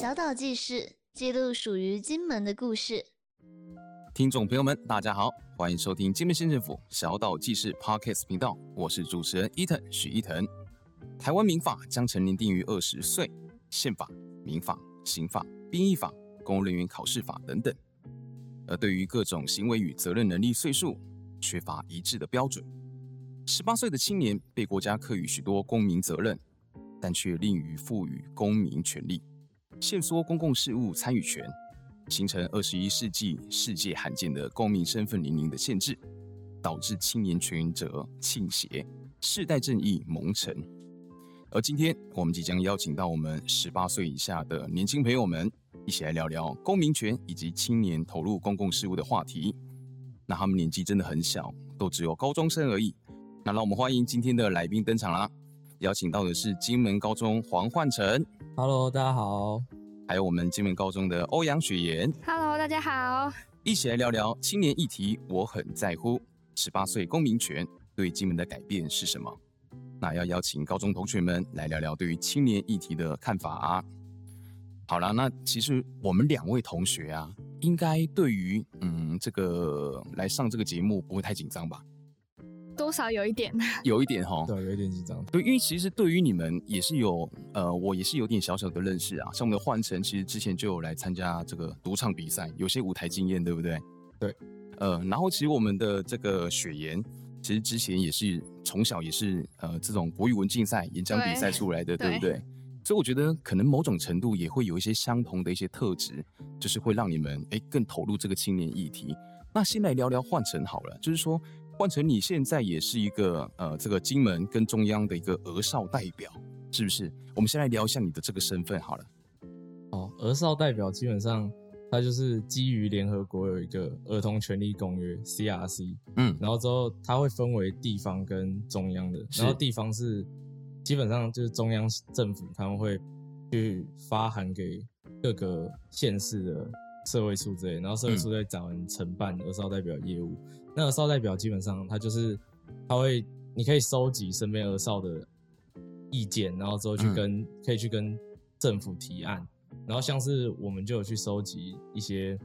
小島記事記錄屬於金門的故事。聽眾朋友們，大家好，歡迎收聽金門縣政府小島記事 Podcast 頻道，我是主持人 Eaton，許翼騰。台灣民法將成年定於二十歲，憲法、民法、刑法、兵役法、公務人員考試法等等，而對於各種行為與責任能力歲數缺乏一致的標準。十八歲的青年被國家課予許多公民責任，但卻吝於賦予公民權利。限縮公共事務參與權，形成二十一世紀世界罕見的公民身份年齡的限制，導致青年權責傾斜，世代正義蒙塵。而今天我們即將邀請到我們十八歲以下的年輕朋友們，一起來聊聊公民權以及青年投入公共事務的話題。那他們年紀真的很小，都只有高中生而已。那讓我們歡迎今天的來賓登場啦！邀請到的是金門高中黃煥城。Hello，大家好，還有我們金門高中的歐陽雪妍。Hello，大家好，一起來聊聊青年議題，我很在乎十八歲公民權對金門的改變是什麼？那要邀請高中同學們來聊聊對於青年議題的看法啊。好了，那其實我們兩位同學啊，應該對於嗯這個來上這個節目不會太緊張吧？多少有一點，有一點哈，對，有一點緊張。對，因為其實對於你們也是有，呃，我也是有點小小的認識啊。像我們的煥城，其實之前就有來參加這個獨唱比賽，有些舞台經驗，對不對？對，呃，然後其實我們的這個雪妍，其實之前也是從小也是呃這種國語文競賽、演講比賽出來的，對，對不對？對，所以我覺得可能某種程度也會有一些相同的一些特質，就是會讓你們誒、欸，更投入這個青年議題。那先來聊聊煥城好了，就是說。煥城，你現在也是一個呃，這個金門跟中央的一個兒少代表，是不是？我們先來聊一下你的這個身份好了。哦，兒少代表基本上它就是基於聯合國有一個兒童權利公約 （CRC）。CRC，嗯，然後之後它會分為地方跟中央的，是然後地方是基本上就是中央政府他們會去發函給各個縣市的。社會處之類，然後社會處在找人，嗯、承辦兒少代表業務。那兒少代表基本上他就是，他會，你可以收集身邊兒少的意見，然後之後去跟，嗯、可以去跟政府提案。然後像是我們就有去收集一些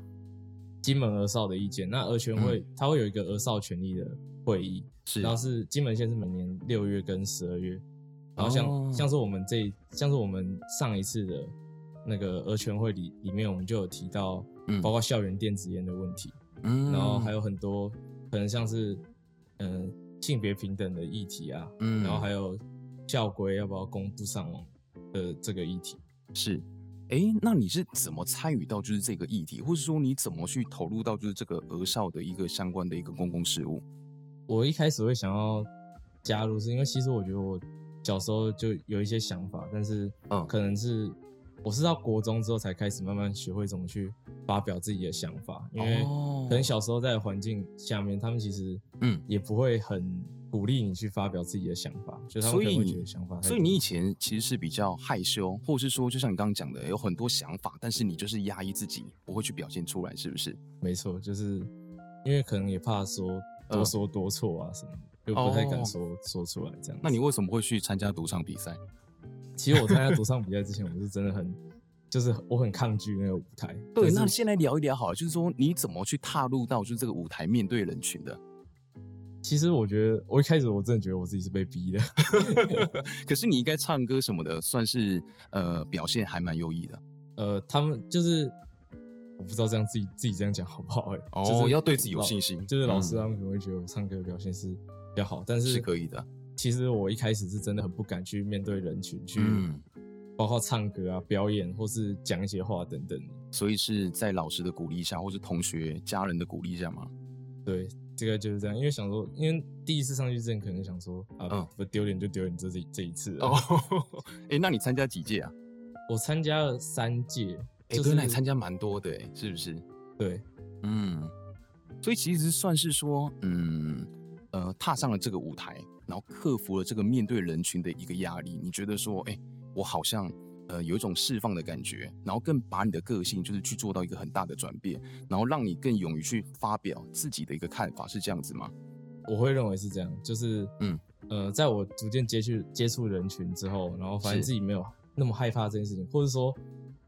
金門兒少的意見。那兒全會，嗯、他會有一個兒少權利的會議，是然後是金門縣是每年六月跟十二月。然後像，哦、像是我們這像是我們上一次的那個兒全會裡裡面，我們就有提到。包括校園電子菸的問題，嗯，然後還有很多可能像是，嗯、呃，性別平等的議題啊，嗯，然後還有校規要不要公布上網的這個議題，是，哎、欸，那你是怎麼參與到就是這個議題，或是說你怎麼去投入到就是這個兒少的一個相關的一個公共事務？我一開始會想要加入是，是因為其實我覺得我小時候就有一些想法，但是嗯，可能是、嗯。我是到國中之後才開始慢慢學會怎麼去發表自己的想法，因為可能小時候在環境下面，他們其實嗯也不會很鼓勵你去發表自己的想法，所以你以前其實是比較害羞，或是說就像你剛剛講的，有很多想法，但是你就是壓抑自己，不會去表現出來，是不是？沒錯，就是因為可能也怕說多說多錯啊什麼，呃、就不太敢說、哦、說出來這樣。那你為什麼會去參加獨唱比賽？ 其實我參加獨唱比賽之前，我是真的很，就是我很抗拒那個舞台。對，是那先來聊一聊，好了，就是說你怎麼去踏入到就是這個舞台，面對人群的？其實我覺得，我一開始我真的覺得我自己是被逼的。 可是你應該唱歌什麼的，算是呃表現還蠻優異的。呃，他們就是我不知道這樣自己自己這樣講好不好，欸？哦，就是要對自己有信心。就是老師他們可能會覺得我唱歌的表現是比較好，嗯、但是是可以的。其實我一開始是真的很不敢去面對人群，去包括唱歌啊、表演或是講一些話等等。所以是在老師的鼓勵下，或是同學、家人的鼓勵下嗎？對，這個就是這樣。因為想說，因為第一次上去之前，可能想說啊，不、嗯、丟臉就丟臉，就這這一次、啊。哦，哎，那你參加幾屆啊？我參加了三屆。哎、就是，那你參加蠻多的、欸，是不是？對，嗯。所以其實算是說，嗯，呃，踏上了這個舞台。然後克服了這個面對人群的一個壓力，你覺得說，哎、欸，我好像呃有一種釋放的感覺，然後更把你的個性就是去做到一個很大的轉變，然後讓你更勇於去發表自己的一個看法，是這樣子嗎？我會認為是這樣，就是嗯呃，在我逐漸接觸接觸人群之後，然後發現自己沒有那麼害怕這件事情，是或者說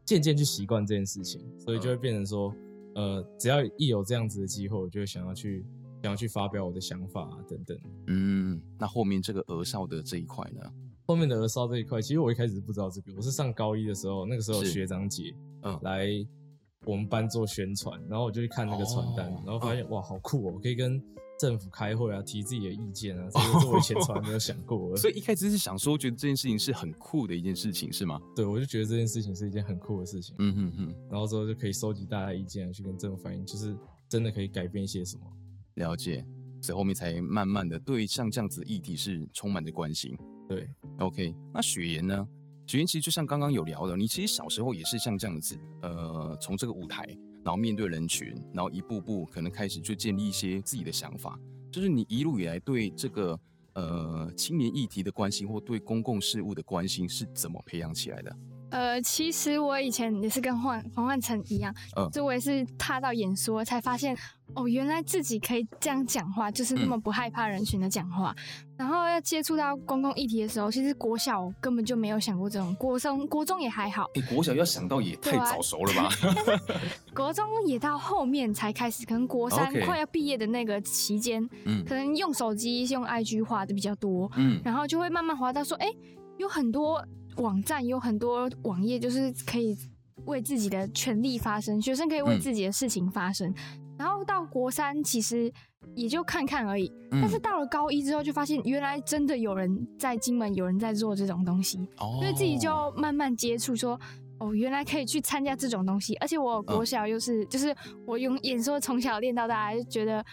漸漸去習慣這件事情，所以就會變成說，呃，只要一有這樣子的機會，我就會想要去。想要去發表我的想法啊，等等。嗯，那後面這個兒少的這一塊呢？後面的兒少這一塊，其實我一開始不知道這個。我是上高一的時候，那個時候學長姐來我們班做宣傳，然後我就去看那個傳單，哦、然後發現、哦、哇，好酷哦、喔，我可以跟政府開會啊，提自己的意見啊，這以作我以前從來沒有想過、哦、所以一開始是想說，覺得這件事情是很酷的一件事情，是嗎？對，我就覺得這件事情是一件很酷的事情。嗯嗯嗯，然後之後就可以收集大家的意見啊，去跟政府反映，就是真的可以改變一些什麼。了解，所以後面才慢慢的對像這樣子的議題是充滿着關心。對，OK，那雪妍呢？雪妍其實就像剛剛有聊的，你其實小時候也是像這樣子，呃，從這個舞台，然後面對人群，然後一步步可能開始就建立一些自己的想法。就是你一路以來對這個呃青年議題的關心，或對公共事務的關心，是怎麼培養起來的？呃，其實我以前也是跟黃黃煥城一樣，嗯、就我也是踏到演說才發現，哦，原來自己可以這樣講話，就是那麼不害怕人群的講話。嗯、然後要接觸到公共議題的時候，其實國小根本就沒有想過這種，國中國中也還好，哎、欸，國小要想到也太早熟了吧。啊、國中也到後面才開始，可能國三快要畢業的那個期間，嗯，可能用手機用 IG 滑的比較多，嗯，然後就會慢慢滑到說，哎、欸，有很多。網站有很多網頁，就是可以為自己的權利發聲，學生可以為自己的事情發聲。嗯、然後到國三其實也就看看而已，嗯、但是到了高一之後就發現，原來真的有人在金門，有人在做這種東西，哦、所以自己就慢慢接觸，說哦，原來可以去參加這種東西。而且我國小又是、哦、就是我用演說從小練到大，就覺得。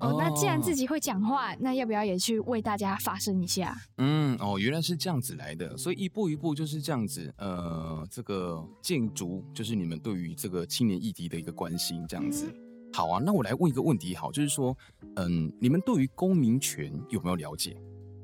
哦，那既然自己會講話，哦、那要不要也去為大家發聲一下？嗯，哦，原來是這樣子來的，所以一步一步就是這樣子，呃，這個建築就是你們對於這個青年議題的一個關心，這樣子。嗯、好啊，那我來問一個問題，好，就是說，嗯，你們對於公民權有沒有了解？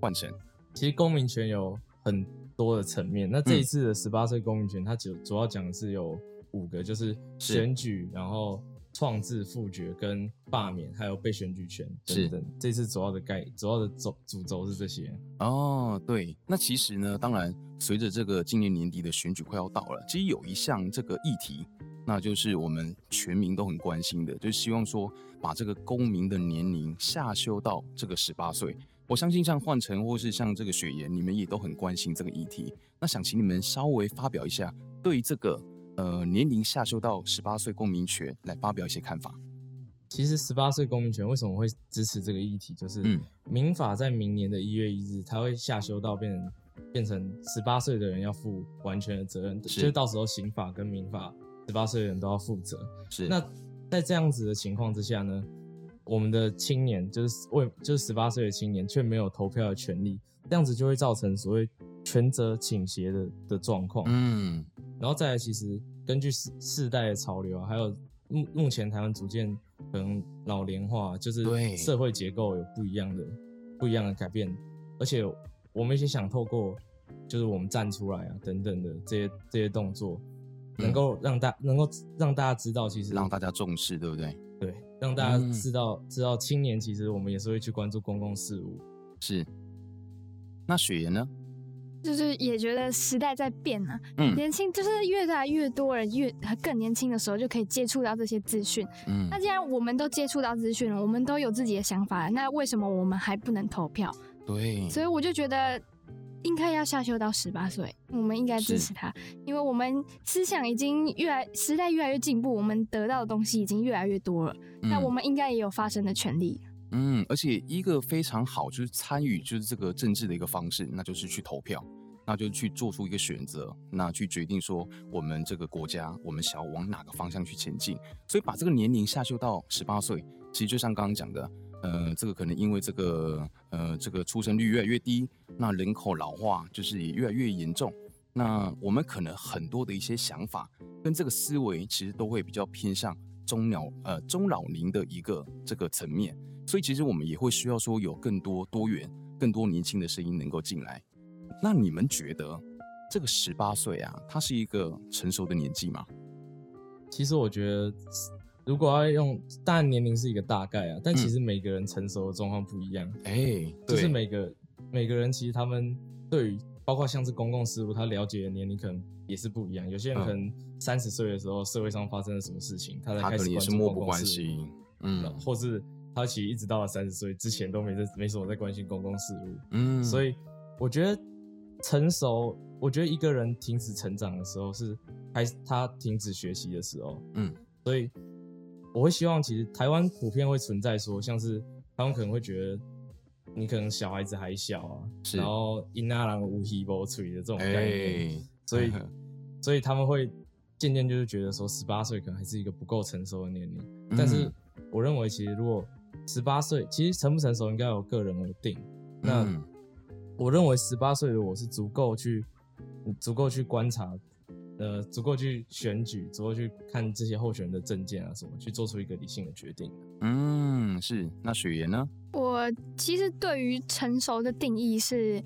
煥城，其實公民權有很多的層面，那這一次的十八歲公民權，嗯、它主主要講的是有五個，就是選舉，是然後。創制、創複決、跟罷免，還有被選舉權等等，是這次主要的概，主要的軸主軸是這些。哦，對。那其實呢，當然隨着這個今年年底的選舉快要到了，其實有一項這個議題，那就是我們全民都很關心的，就希望說把這個公民的年齡下修到這個十八歲。我相信像煥城或是像這個雪妍，你們也都很關心這個議題。那想請你們稍微發表一下對於這個。呃，年齡下修到十八歲公民權來發表一些看法。其實，十八歲公民權為什麼會支持這個議題？就是、嗯，民法在明年的一月一日，它會下修到變成變成十八歲的人要負完全的責任，是，就是到時候刑法跟民法，十八歲的人都要負責。是。那在這樣子的情況之下呢，我們的青年就是為就是十八歲的青年卻沒有投票的權利，這樣子就會造成所謂權責傾斜的的狀況。嗯。然後再來，其實根據世代的潮流啊，還有目目前台灣逐漸可能老年化，就是社會結構有不一樣的對不一樣的改變，而且我們也想透過就是我們站出來啊等等的這些這些動作，能夠讓大、嗯、能夠讓大家知道，其實讓大家重視，對不對？對，讓大家知道、嗯、知道青年其實我們也是會去關注公共事務。是，那雪妍呢？就是也覺得時代在變了、啊，嗯、年輕就是越來越多人越更年輕的時候就可以接觸到這些資訊。嗯，那既然我們都接觸到資訊了，我們都有自己的想法了，那為什麼我們還不能投票？對，所以我就覺得應該要下修到十八歲，我們應該支持他，是因為我們思想已經越來時代越來越進步，我們得到的東西已經越來越多了，那、嗯、我們應該也有發聲的權利。嗯，而且一個非常好就是參與就是這個政治的一個方式，那就是去投票，那就是去做出一個選擇，那去決定說我們這個國家我們想要往哪個方向去前進。所以把這個年齡下修到十八歲，其實就像剛剛講的，呃，這個可能因為這個呃這個出生率越來越低，那人口老化就是也越來越嚴重。那我們可能很多的一些想法跟這個思維其實都會比較偏向中老呃中老齡的一個這個層面。所以其實我們也會需要說有更多多元，更多年輕的聲音能夠進來。那你們覺得這個十八歲啊，它是一個成熟的年紀嗎？其實我覺得，如果要用，當然年齡是一個大概啊。但其實每個人成熟的狀況不一樣。哎、嗯，就是每個對每個人，其實他們對於包括像是公共事務，他了解的年齡可能也是不一樣。有些人可能三十歲的時候，社會上發生了什麼事情，他可能也是漠不關心。嗯，或者。他其實一直到了三十歲之前都沒在沒什麼在關心公共事務，嗯，所以我覺得成熟，我覺得一個人停止成長的時候是，還是他停止學習的時候，嗯，所以我會希望，其實台灣普遍會存在說，像是他們可能會覺得你可能小孩子還小啊，是然後一那 t h 無 h e v 的這種感覺、欸、所以呵呵所以他們會漸漸就是覺得說十八歲可能還是一個不夠成熟的年齡，嗯、但是我認為其實如果十八歲其實成不成熟，應該由個人而定。那、嗯、我認為十八歲的我是足夠去，足夠去觀察，呃，足夠去選舉，足夠去看這些候選人的政見啊什麼，去做出一個理性的決定。嗯，是。那雪妍呢？我其實對於成熟的定義是。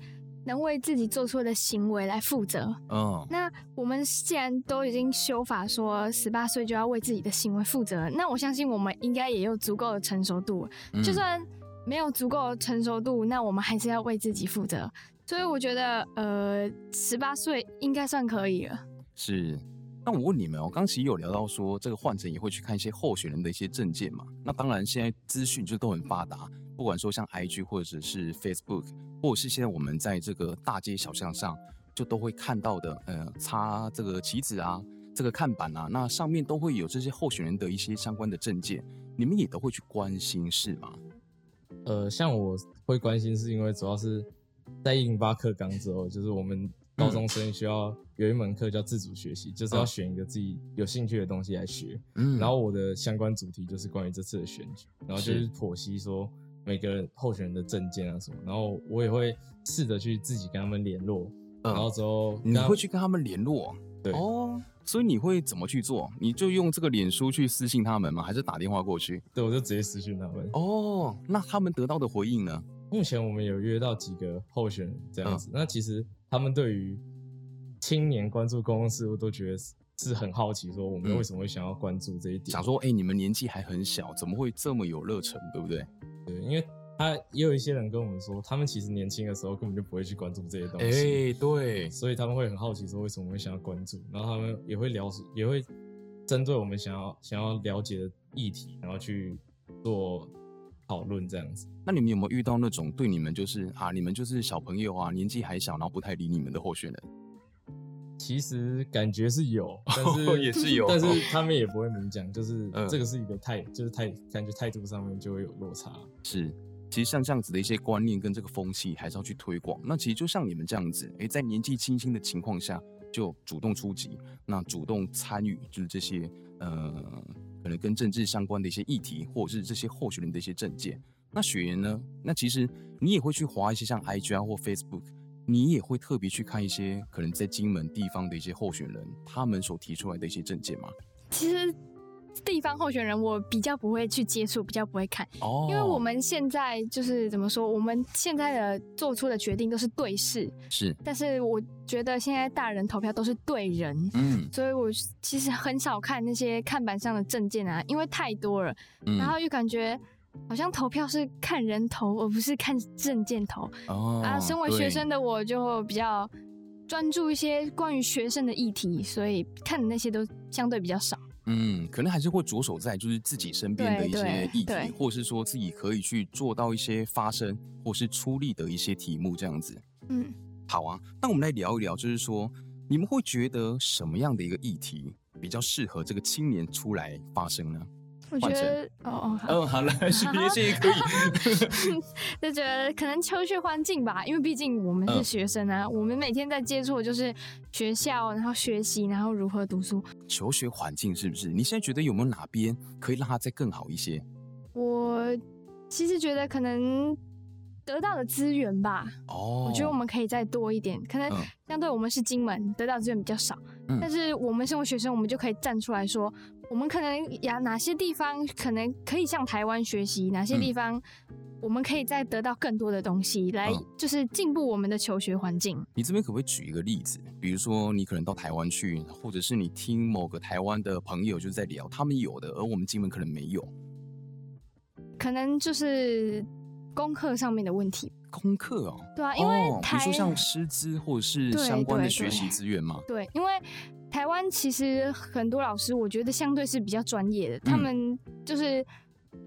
能為自己做錯的行為來負責。嗯、哦，那我們既然都已經修法說十八歲就要為自己的行為負責，那我相信我們應該也有足夠的成熟度。嗯、就算沒有足夠成熟度，那我們還是要為自己負責。所以我覺得，呃，十八歲應該算可以了。是。那我問你們，我剛其實有聊到說，這個患者也會去看一些候選人的一些證件嘛？那當然，現在資訊就都很發達。不管說像 I G 或者是 Facebook，或者是現在我們在這個大街小巷上就都會看到的，呃，插這個旗子啊，這個看板啊，那上面都會有這些候選人的一些相關的證件，你們也都會去關心是嗎？呃，像我會關心是因為主要是，在108課綱之後，就是我們高中生需要有一門課叫自主學習，嗯、就是要選一個自己有興趣的東西來學，嗯，然後我的相關主題就是關於這次的選舉，然後就是剖析說。每個候選人的證件啊什麼，然後我也會試着去自己跟他們聯絡，嗯、然後之後你會去跟他們聯絡，對哦，oh, 所以你會怎麼去做？你就用這個臉書去私信他們嗎？還是打電話過去？對，我就直接私信他們。哦，oh, 那他們得到的回應呢？目前我們有約到幾個候選人這樣子，嗯、那其實他們對於青年關注公共事務我都覺得是很好奇，說我們為什麼會想要關注這一點？嗯、想說，哎、欸，你們年紀還很小，怎麼會這麼有熱忱，對不對？對，因為他也有一些人跟我們說，他們其實年輕的時候根本就不會去關注這些東西。哎、欸，對，所以他們會很好奇說為什麼我們會想要關注，然後他們也會聊，也會針對我們想要想要了解的議題，然後去做討論這樣子。那你們有沒有遇到那種對你們就是啊，你們就是小朋友啊，年紀還小，然後不太理你們的候選人？其實感覺是有，但是、哦、也是有，但是他們也不會明講，就是這個是一個態，嗯、就是態感覺態度上面就會有落差。是，其實像這樣子的一些觀念跟這個風氣，還是要去推廣。那其實就像你們這樣子，哎、欸，在年紀輕輕的情況下就主動出擊，那主動參與就是這些呃，可能跟政治相關的一些議題，或者是這些候選人的一些政見。那雪妍呢？那其實你也會去滑一些像 I G 啊或 Facebook。你也會特別去看一些可能在金門地方的一些候選人，他們所提出來的一些政見嗎？其實，地方候選人我比較不會去接觸，比較不會看哦。Oh. 因為我們現在就是怎麼說，我們現在的做出的決定都是對事是，但是我覺得現在大人投票都是對人，嗯，所以我其實很少看那些看板上的政見啊，因為太多了，然後又感覺。嗯好像投票是看人投，而不是看證件投、哦、啊。身為學生的我就會比較專注一些關於學生的議題，所以看的那些都相對比較少。嗯，可能還是會着手在就是自己身邊的一些議題，或是說自己可以去做到一些發聲或是出力的一些題目這樣子。嗯，好啊，那我們來聊一聊，就是說你們會覺得什麼樣的一個議題比較適合這個青年出來發聲呢？我覺得哦哦好嗯好了，視頻是可以，就覺得可能求學環境吧，因為畢竟我們是學生啊，我們每天在接觸的就是學校，然後學習，然後如何讀書。求學環境是不是？你現在覺得有沒有哪邊可以讓它再更好一些？我其實覺得可能得到的資源吧。哦，我覺得我們可以再多一點，可能相對我們是金門，得到資源比較少。但是我們身為學生，我們就可以站出來說。我們可能有哪些地方可能可以向台灣學習？哪些地方我們可以再得到更多的東西，來就是進步我們的求學環境。嗯。你這邊可不可以舉一個例子？比如說你可能到台灣去，或者是你聽某個台灣的朋友就是在聊他們有的，而我們金門可能沒有，可能就是功課上面的問題。功課哦、喔。對啊，因為、哦、比如說像師資或者是相關的學習資源嘛，對，因為。台灣其實很多老師，我覺得相對是比較專業的，嗯、他們就是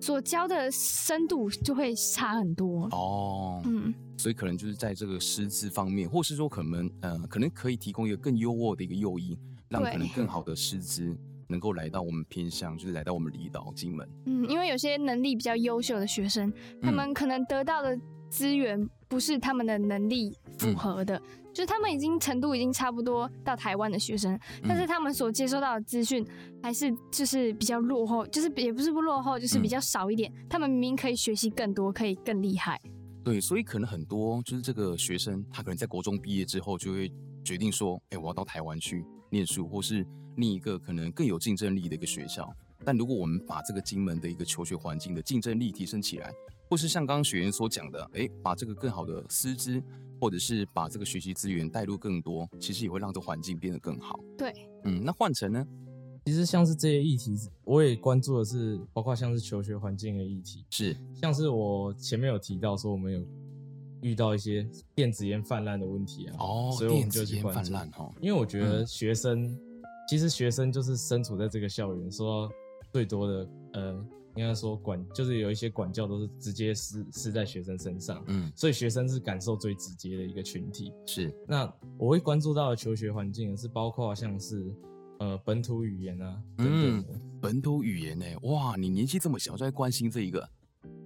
所教的深度就會差很多哦。嗯，所以可能就是在這個師資方面，或是說可能呃，可能可以提供一個更優渥的一個誘因，讓可能更好的師資能夠來到我們偏鄉，就是來到我們離島、金門。嗯，因為有些能力比較優秀的學生，他們可能得到的資源不是他們的能力符合的。嗯就是他們已經程度已經差不多到台灣的學生，嗯、但是他們所接收到的資訊還是就是比較落後，就是也不是不落後，就是比較少一點。嗯、他們明明可以學習更多，可以更厲害。對，所以可能很多就是這個學生，他可能在國中畢業之後就會決定說，哎、欸，我要到台灣去念書，或是另一個可能更有競爭力的一個學校。但如果我們把這個金門的一個求學環境的競爭力提升起來，或是像剛剛雪妍所講的，哎、欸，把這個更好的師資。或者是把這個學習資源帶入更多，其實也會讓這環境變得更好。對，嗯，那換成呢？其實像是這些議題，我也關注的是，包括像是求學環境的議題，是像是我前面有提到說，我們有遇到一些電子菸氾濫的問題啊，哦，所以我們就去關注，電子菸氾濫，因為我覺得學生，嗯、其實學生就是身處在這個校園，說最多的呃。應該說管就是有一些管教都是直接施施在學生身上，嗯，所以學生是感受最直接的一個群體。是，那我會關注到的求學環境也是包括像是，呃，本土語言啊，嗯，對不對？本土語言哎、欸，哇，你年紀這麼小就在關心這一個，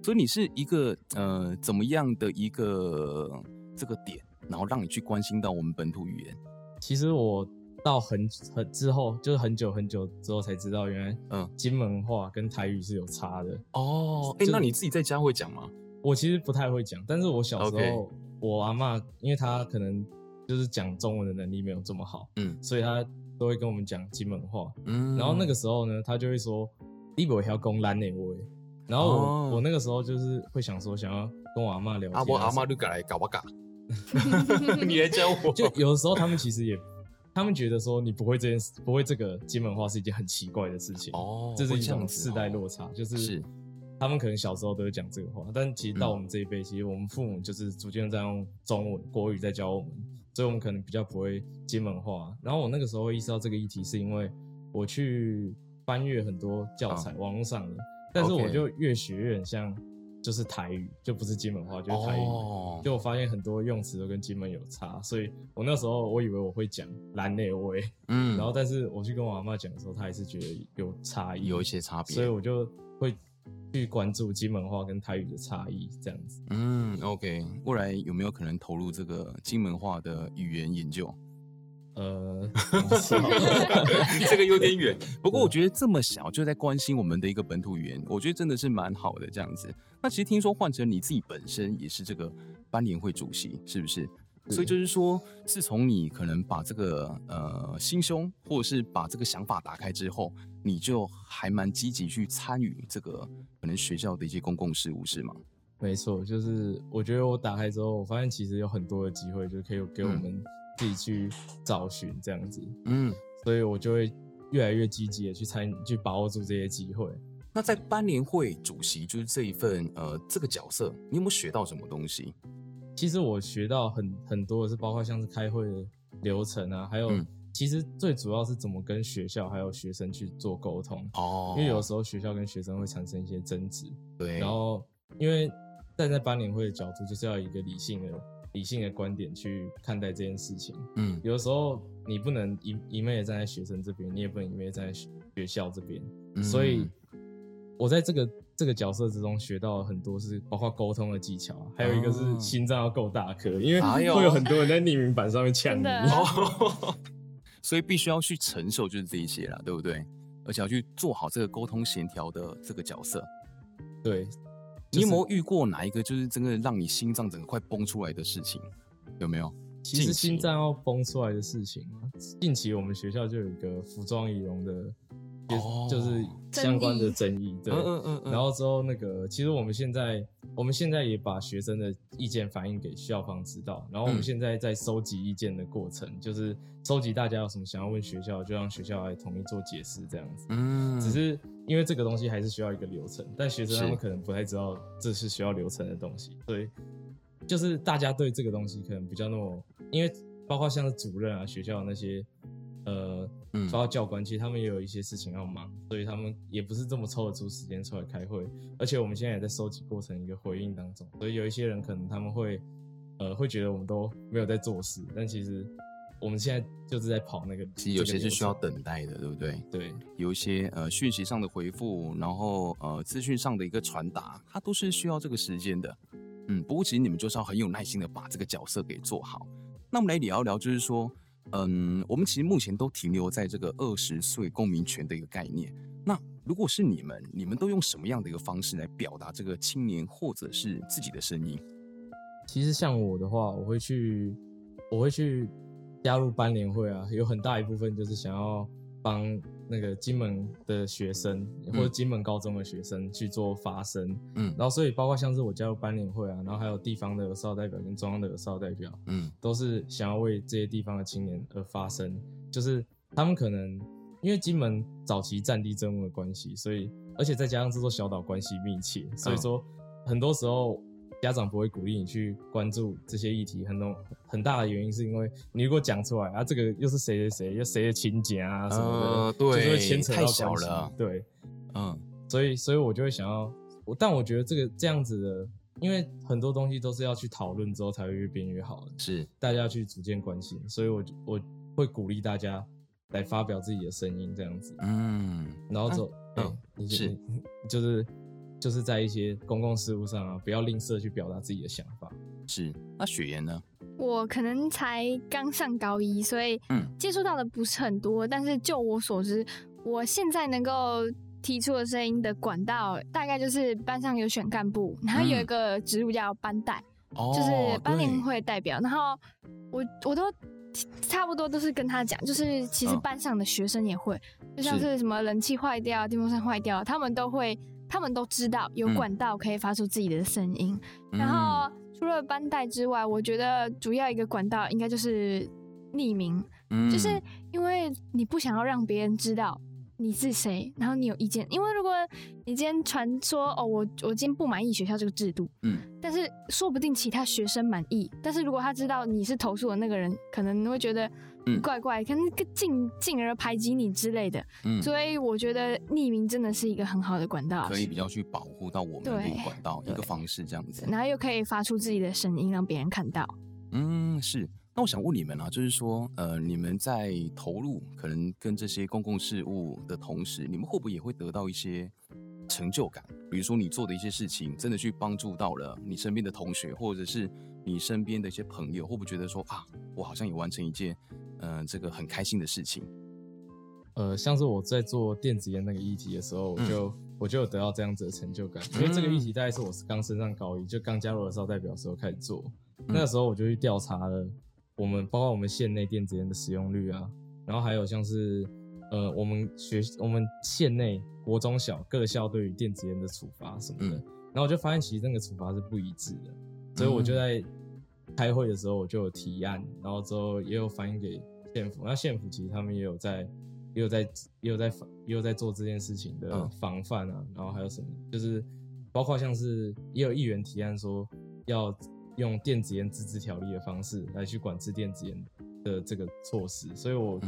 所以你是一個呃怎麼樣的一個這個點，然後讓你去關心到我們本土語言？其實我。到很很之後，就是很久很久之後才知道，原來嗯，金門話跟台語是有差的哦。哎，那你自己在家會講嗎？我其實不太會講，但是我小時候我阿媽，因為她可能就是講中文的能力沒有這麼好，嗯，所以她都會跟我們講金門話。嗯，然後那個時候呢，她就會說，伊伯要攻爛那位。然後我那個時候就是會想說，想要跟我阿媽聊天。阿伯阿媽你過來搞我搞，你來教我。就有的時候他們其實也。他們覺得說你不會這件事，不會這個金門話是一件很奇怪的事情。哦、這是一種世代落差，哦、就是他們可能小時候都會講這個話，是但其實到我們這一輩，嗯、其實我們父母就是逐漸在用中文、國語在教我們，所以我們可能比較不會金門話。然後我那個時候意識到這個議題，是因為我去翻閱很多教材，哦、網絡上的，但是我就越學越像。就是台語，就不是金門話，就是台語。Oh. 就我發現很多用詞都跟金門有差，所以我那時候我以為我會講藍內威，嗯，然後但是我去跟我阿媽講的時候，她還是覺得有差異，有一些差別，所以我就會去關注金門話跟台語的差異這樣子。嗯，OK，未來有沒有可能投入這個金門話的語言研究？呃，這個有點遠。不過我覺得這麼小就在關心我們的一個本土語言，我覺得真的是蠻好的這樣子。那其實聽說，煥城你自己本身也是這個班聯會主席，是不是？對所以就是說，自從你可能把這個呃心胸或者是把這個想法打開之後，你就還蠻積極去參與這個可能學校的一些公共事務，是嗎？沒錯，就是我覺得我打開之後，我發現其實有很多的機會，就可以給我們、嗯。自己去找尋這樣子，嗯，所以我就會越來越積極的去參，去把握住這些機會。那在班聯會主席就是這一份呃這個角色，你有沒有學到什麼東西？其實我學到很很多的是包括像是開會的流程啊，還有，嗯，其實最主要是怎麼跟學校還有學生去做溝通哦，因為有時候學校跟學生會產生一些爭執，對，然後因為站在班聯會的角度就是要一個理性的。理性的觀點去看待這件事情，嗯，有的時候你不能一一昧站在學生這邊，你也不能一昧在學校這邊，嗯、所以我在這個這個角色之中學到了很多，是包括溝通的技巧，還有一個是心臟要夠大顆，哦、因為會有很多人在匿名板上面嗆你，所以必須要去承受，就是這些了，對不對？而且要去做好這個溝通協調的這個角色，對。就是，你有沒有遇過哪一個就是真的讓你心臟整個快崩出來的事情？有沒有？其實心臟要崩出來的事情，啊，近期我們學校就有一個服裝儀容的。Oh, 就是相關的爭議，你對，嗯嗯嗯、然後之後那個，其實我們現在，我們現在也把學生的意見反映給校方知道。然後我們現在在收集意見的過程，嗯、就是收集大家有什麼想要問學校，就讓學校來統一做解釋這樣子。嗯，只是因為這個東西還是需要一個流程，但學生他們可能不太知道這是需要流程的東西，對是。所以就是大家對這個東西可能比較那麼，因為包括像主任啊、學校那些，呃。說到教官，其實他們也有一些事情要忙，所以他們也不是這麼抽得出時間出來開會。而且我們現在也在收集過程一個回應當中，所以有一些人可能他們會，呃，會覺得我們都沒有在做事。但其實我們現在就是在跑那個。其實有些是需要等待的，對不對？對，有一些呃訊息上的回復，然後呃資訊上的一個傳達，它都是需要這個時間的。嗯，不過其實你們就是要很有耐心的把這個角色給做好。那我們來聊一聊，就是說。嗯，um, 我們其實目前都停留在這個二十歲公民權的一個概念。那如果是你們，你們都用什麼樣的一個方式來表達這個青年或者是自己的聲音？其實像我的話，我會去，我會去加入班聯會啊，有很大一部分就是想要。幫那個金門的學生，或者金門高中的學生去做發聲，嗯，然後所以包括像是我加入班聯會啊，然後還有地方的兒少代表跟中央的兒少代表，嗯，都是想要為這些地方的青年而發聲，就是他們可能因為金門早期戰地政務的關係，所以而且再加上這座小島關係密切，所以說很多時候。家長不會鼓勵你去關注這些議題，很多很大的原因是因為你如果講出來啊，這個又是誰誰誰又誰的情節啊什麼的，就是牽扯到。太小了。對，對嗯，所以，所以我就會想要，我但我覺得這個這樣子的，因為很多東西都是要去討論之後才會越變越好，是大家要去逐漸關心，所以我我會鼓勵大家來發表自己的聲音，這樣子，嗯，然後走，嗯，是你你，就是。就是在一些公共事務上啊，不要吝嗇去表達自己的想法。是，那雪妍呢？我可能才剛上高一，所以嗯，接觸到的不是很多。嗯、但是就我所知，我現在能夠提出的聲音的管道，大概就是班上有選幹部，然後有一個職務叫班代，嗯、就是班聯會代表。哦、然後我我都差不多都是跟他講，就是其實班上的學生也會，嗯、就像是什麼冷氣壞掉、電風扇壞掉，他們都會。他們都知道有管道可以發出自己的聲音，嗯、然後除了班代之外，我覺得主要一個管道應該就是匿名，嗯，就是因為你不想要讓別人知道你是誰，然後你有意見，因為如果你今天傳說哦，我我今天不滿意學校這個制度，嗯，但是說不定其他學生滿意，但是如果他知道你是投訴的那個人，可能你會覺得。怪怪，跟進進而排擠你之類的，嗯，所以我覺得匿名真的是一個很好的管道，可以比較去保護到我們的管道對一個方式這樣子，然後又可以發出自己的聲音讓別人看到。嗯，是。那我想問你們啊，就是說，呃，你們在投入可能跟這些公共事務的同時，你們會不會也會得到一些成就感？比如說你做的一些事情，真的去幫助到了你身邊的同學，或者是你身邊的一些朋友，會不會覺得說啊，我好像也完成一件？嗯、呃，這個很開心的事情。呃，像是我在做電子煙那個議題的時候，嗯、我就我就有得到這樣子的成就感。嗯、因為這個議題大概是我是剛升上高一，就剛加入的時候代表的時候開始做，嗯、那時候我就去調查了，我們包括我們縣內電子煙的使用率啊，然後還有像是呃我們學我們縣內國中小各校對於電子煙的處罰什麼的，嗯、然後我就發現其實那個處罰是不一致的，所以我就在開會的時候我就有提案，嗯、然後之後也有反映給。縣府，那縣府其實他們也有在，也有在，也有在防，也有在做這件事情的防範啊。嗯、然後還有什麼，就是包括像是也有議員提案說要用電子煙自治條例的方式來去管制電子煙的這個措施。所以，我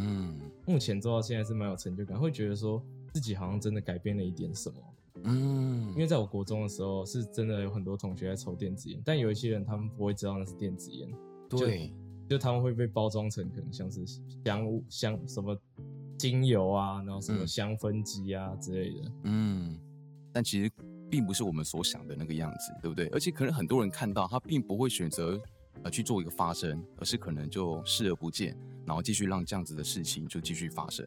目前做到現在是蠻有成就感，嗯、會覺得說自己好像真的改變了一點什麼。嗯，因為在我國中的時候是真的有很多同學在抽電子煙，但有一些人他們不會知道那是電子煙。對。就他們會被包裝成可能像是香香什麼精油啊，然後什麼香氛機啊之類的，嗯，但其實並不是我們所想的那個樣子，對不對？而且可能很多人看到他並不會選擇呃去做一個發聲，而是可能就視而不見，然後繼續讓這樣子的事情就繼續發生。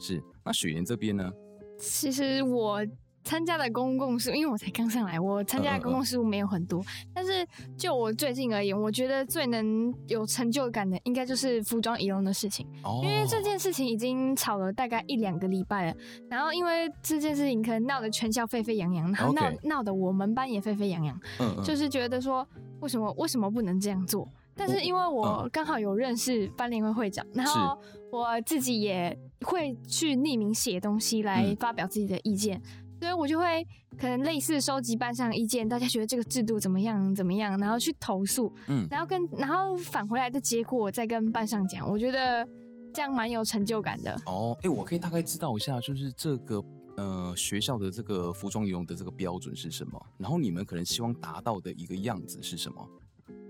是，那雪妍這邊呢？其實我。參加的公共事務，因為我才剛上來，我參加的公共事務沒有很多。嗯嗯、但是就我最近而言，我覺得最能有成就感的，應該就是服裝儀容的事情，哦、因為這件事情已經吵了大概一兩個禮拜了。然後因為這件事情可能鬧得全校沸沸揚揚，然後鬧鬧得我們班也沸沸揚揚，嗯嗯、就是覺得說為什麼為什麼不能這樣做？但是因為我剛好有認識班聯會會長，然後我自己也會去匿名寫東西來發表自己的意見。嗯所以我就會可能類似收集班上意見，大家覺得這個制度怎麼樣怎麼樣，然後去投訴，嗯，然後跟然後返回來的結果再跟班上講，我覺得這樣蠻有成就感的。哦，誒，我可以大概知道一下，就是這個呃學校的這個服裝游泳的這個標準是什麼？然後你們可能希望達到的一個樣子是什麼？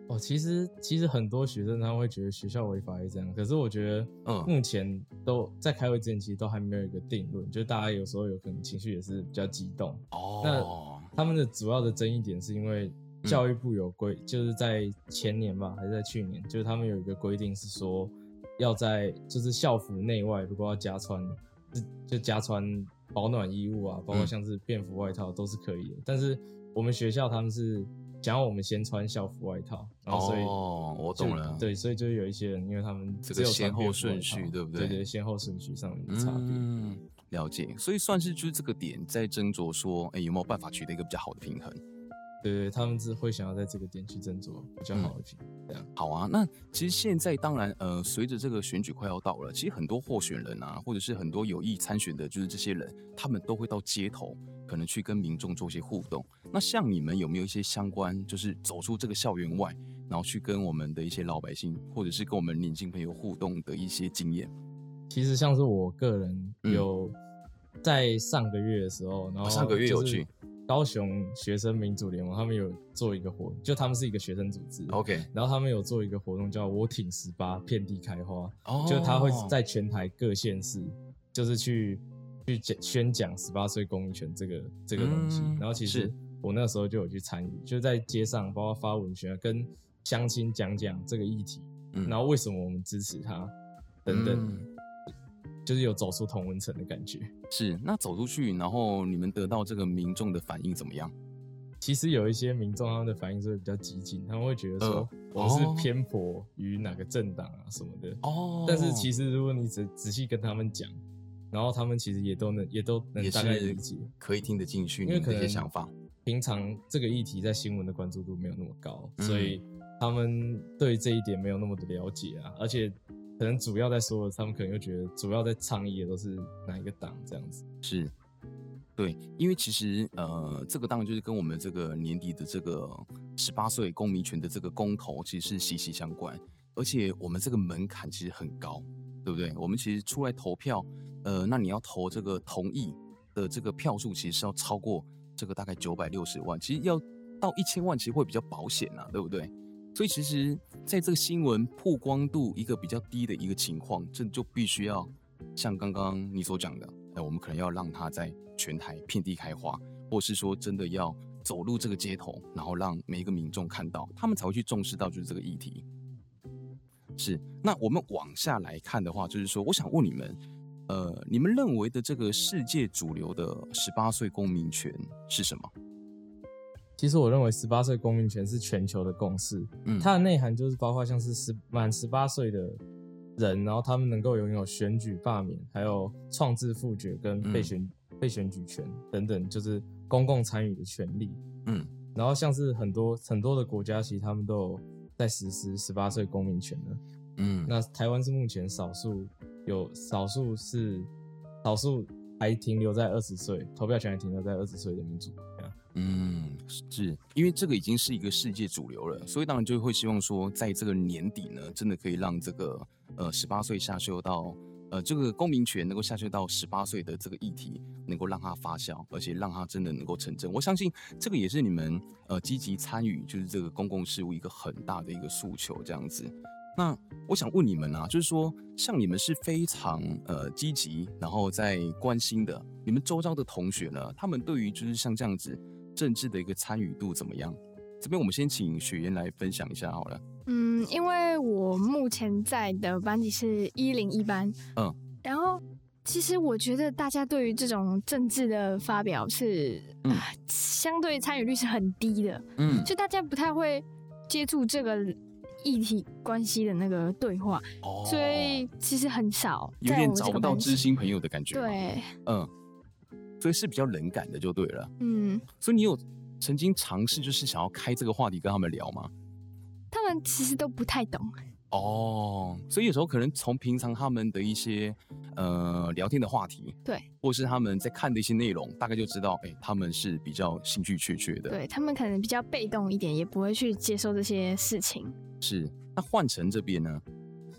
哦，其實其實很多學生他們會覺得學校違法，也是這樣。可是我覺得，嗯，目前都、嗯、在開會之前，其實都還沒有一個定論。就是大家有時候有可能情緒也是比較激動哦。那他們的主要的爭議點是因為教育部有規，嗯、就是在前年吧，還是在去年，就是他們有一個規定是說要在就是校服內外，如果要加穿，就加穿保暖衣物啊，包括像是便服外套都是可以的。嗯、但是我們學校他們是。想要我們先穿校服外套，然後所以哦，我懂了。對，所以就有一些人，因為他們這個先後順序，對不對？對，對對，先後順序上面的差別，嗯嗯，了解。所以算是就是這個點在斟酌說，說、欸、哎有沒有辦法取得一個比較好的平衡？對，對，對他們是會想要在這個點去斟酌比較好的一點。嗯、對好啊，那其實現在當然呃，隨着這個選舉快要到了，其實很多候選人啊，或者是很多有意參選的，就是這些人，他們都會到街頭。可能去跟民眾做一些互動。那像你們有沒有一些相關，就是走出這個校園外，然後去跟我們的一些老百姓，或者是跟我們年輕朋友互動的一些經驗？其實像是我個人有在上個月的時候，然後上個月有去高雄學生民主聯盟，他們有做一個活動，就他們是一個學生組織。OK，然後他們有做一個活動叫“我挺十八，遍地開花 ”，oh. 就他會在全台各縣市，就是去。去宣講十八歲公民權這個這個東西，嗯、然後其實我那時候就有去參與，是就在街上包括發文宣，跟鄉親講講這個議題，嗯、然後為什麼我們支持他，等等，嗯、就是有走出同文城的感覺。是，那走出去，然後你們得到這個民眾的反應怎麼樣？其實有一些民眾他們的反應就會比較激進，他們會覺得說我們是偏頗於哪個政黨啊什麼的。呃、哦，但是其實如果你只仔仔細跟他們講。然後他們其實也都能，也都能大概可以聽得進去，你的一些想法。平常這個議題在新聞的關注度沒有那麼高，嗯，所以他們對這一點沒有那麼的了解啊。而且可能主要在說的，他們可能又覺得主要在倡議的都是哪一個黨這樣子。是，對，因為其實呃，這個當然就是跟我們這個年底的這個十八歲公民權的這個公投，其實是息息相關。而且我們這個門檻其實很高，對不對？我們其實出來投票。呃，那你要投這個同意的這個票數，其實是要超過這個大概九百六十萬，其實要到一千萬，其實會比較保險啊，對不對？所以其實，在這個新聞曝光度一個比較低的一個情況，這就必須要像剛剛你所講的，哎，我們可能要讓它在全台遍地開花，或是說真的要走入這個街頭，然後讓每一個民眾看到，他們才會去重視到就是這個議題。是，那我們往下來看的話，就是說，我想問你們。呃，你們認為的這個世界主流的十八歲公民權是什麼？其實我認為十八歲公民權是全球的共識，嗯、它的內涵就是包括像是十滿十八歲的人，然後他們能夠擁有選舉罷免，還有創制複決跟被選、嗯、被選舉權等等，就是公共參與的權利。嗯，然後像是很多很多的國家，其實他們都有在實施十八歲公民權了。嗯，那台灣是目前少數。有少數是，少數還停留在二十歲，投票權還停留在二十歲的民主。嗯，是，因為這個已經是一個世界主流了，所以當然就會希望說，在這個年底呢，真的可以讓這個呃十八歲下修到呃這個公民權能夠下修到十八歲的這個議題，能夠讓它發酵，而且讓它真的能夠成真。我相信這個也是你們呃積極參與就是這個公共事務一個很大的一個訴求這樣子。那我想問你們啊，就是說，像你們是非常呃積極，然後在關心的，你們周遭的同學呢，他們對於就是像這樣子政治的一個參與度怎麼樣？這邊我們先請雪妍來分享一下好了。嗯，因為我目前在的班級是一零一班，嗯，然後其實我覺得大家對於這種政治的發表是，嗯呃、相對參與率是很低的，嗯，就大家不太會接觸這個。一體關係的那個對話，哦、所以其實很少，有點找不到知心朋友的感覺。對，嗯，所以是比較冷感的，就對了。嗯，所以你有曾經嘗試就是想要開這個話題跟他們聊嗎？他們其實都不太懂。哦，oh，所以有時候可能從平常他們的一些呃聊天的話題，對，或是他們在看的一些內容，大概就知道，哎、欸，他們是比較興趣缺缺的。對他們可能比較被動一點，也不會去接受這些事情。是，那換成這邊呢？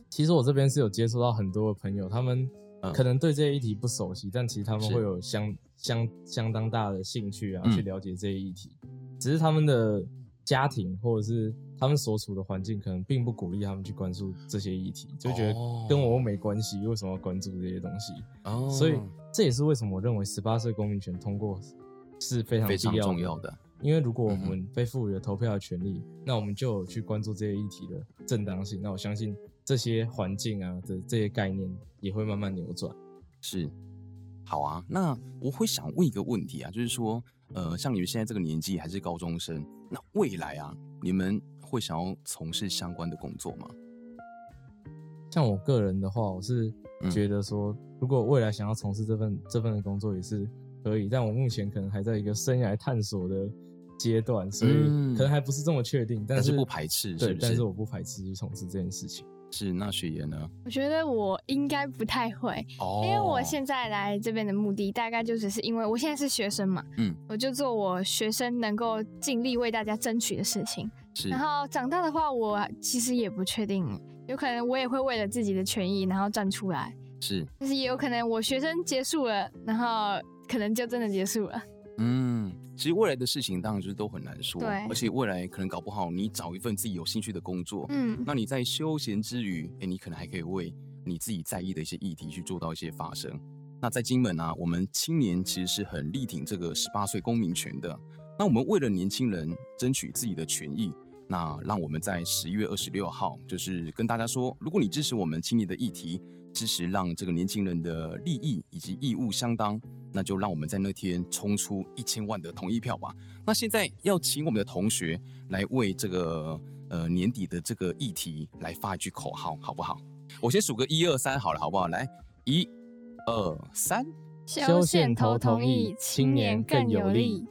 其實我這邊是有接觸到很多的朋友，他們可能對這一題不熟悉，但其實他們會有相是相相當大的興趣啊，去了解這一題。嗯、只是他們的家庭或者是。他們所處的環境可能並不鼓勵他們去關注這些議題，就覺得跟我又沒關係，為什麼要關注這些東西？哦、所以這也是為什麼我認為十八歲公民權通過是非常非常重要的。因為如果我們被賦予了投票的權利，嗯哼、那我們就有去關注這些議題的正當性。那我相信這些環境啊的這些概念也會慢慢扭轉。是，好啊。那我會想問一個問題啊，就是說，呃，像你們現在這個年紀還是高中生，那未來啊，你們會想要從事相關的工作嗎？像我個人的話，我是覺得說，嗯、如果未來想要從事這份這份的工作也是可以，但我目前可能還在一個生涯探索的階段，所以可能還不是這麼確定。嗯、但，是但是不排斥，是是對，但是我不排斥去從事這件事情。是，那雪妍呢？我覺得我應該不太會，哦、因為我現在來這邊的目的大概就只是因為我現在是學生嘛，嗯，我就做我學生能夠盡力為大家爭取的事情。是然後長大的話，我其實也不確定，嗯、有可能我也會為了自己的權益然後站出來，是，但是也有可能我學生結束了，然後可能就真的結束了。嗯，其實未來的事情當然就是都很難說，對，而且未來可能搞不好你找一份自己有興趣的工作，嗯，那你在休閒之餘，哎、欸，你可能還可以為你自己在意的一些議題去做到一些發聲。那在金門啊，我們青年其實是很力挺這個十八歲公民權的，那我們為了年輕人爭取自己的權益。那讓我們在十一月二十六號，就是跟大家說，如果你支持我們青年的議題，支持讓這個年輕人的利益以及義務相當，那就讓我們在那天衝出一千萬的同意票吧。那現在要請我們的同學來為這個呃年底的這個議題來發一句口號，好不好？我先數個一二三，好了，好不好？來，一二三，修憲投同意，青年更有力。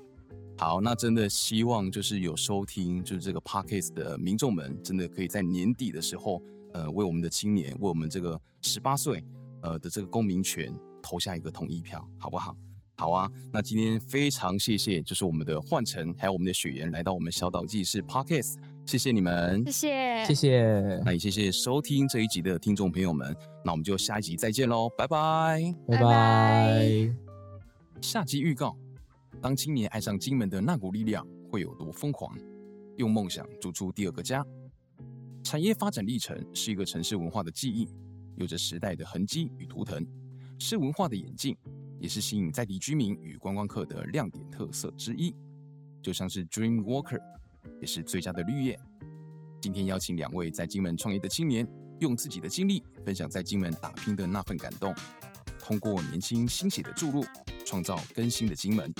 好，那真的希望就是有收聽就是這個 Podcast 的民眾們，真的可以在年底的時候，呃，為我們的青年，為我們這個十八歲，呃的這個公民權投下一個同意票，好不好？好啊，那今天非常謝謝就是我們的煥城，還有我們的雪妍來到我們小島記事 Podcast，謝謝你們，謝謝，謝謝，那也謝謝收聽這一集的聽眾朋友們，那我們就下一集再見嘍，拜拜，拜拜 bye，bye bye 下集預告。當青年愛上金門的那股力量會有多瘋狂？用夢想築出第二個家。產業發展歷程是一個城市文化的記憶，有着時代的痕跡與圖騰，是文化的演進，也是吸引在地居民與觀光客的亮點特色之一。就像是 Dream Walker，也是最佳的綠葉。今天邀請兩位在金門創業的青年，用自己的經歷分享在金門打拼的那份感動。通過年輕新血的注入，創造更新的金門。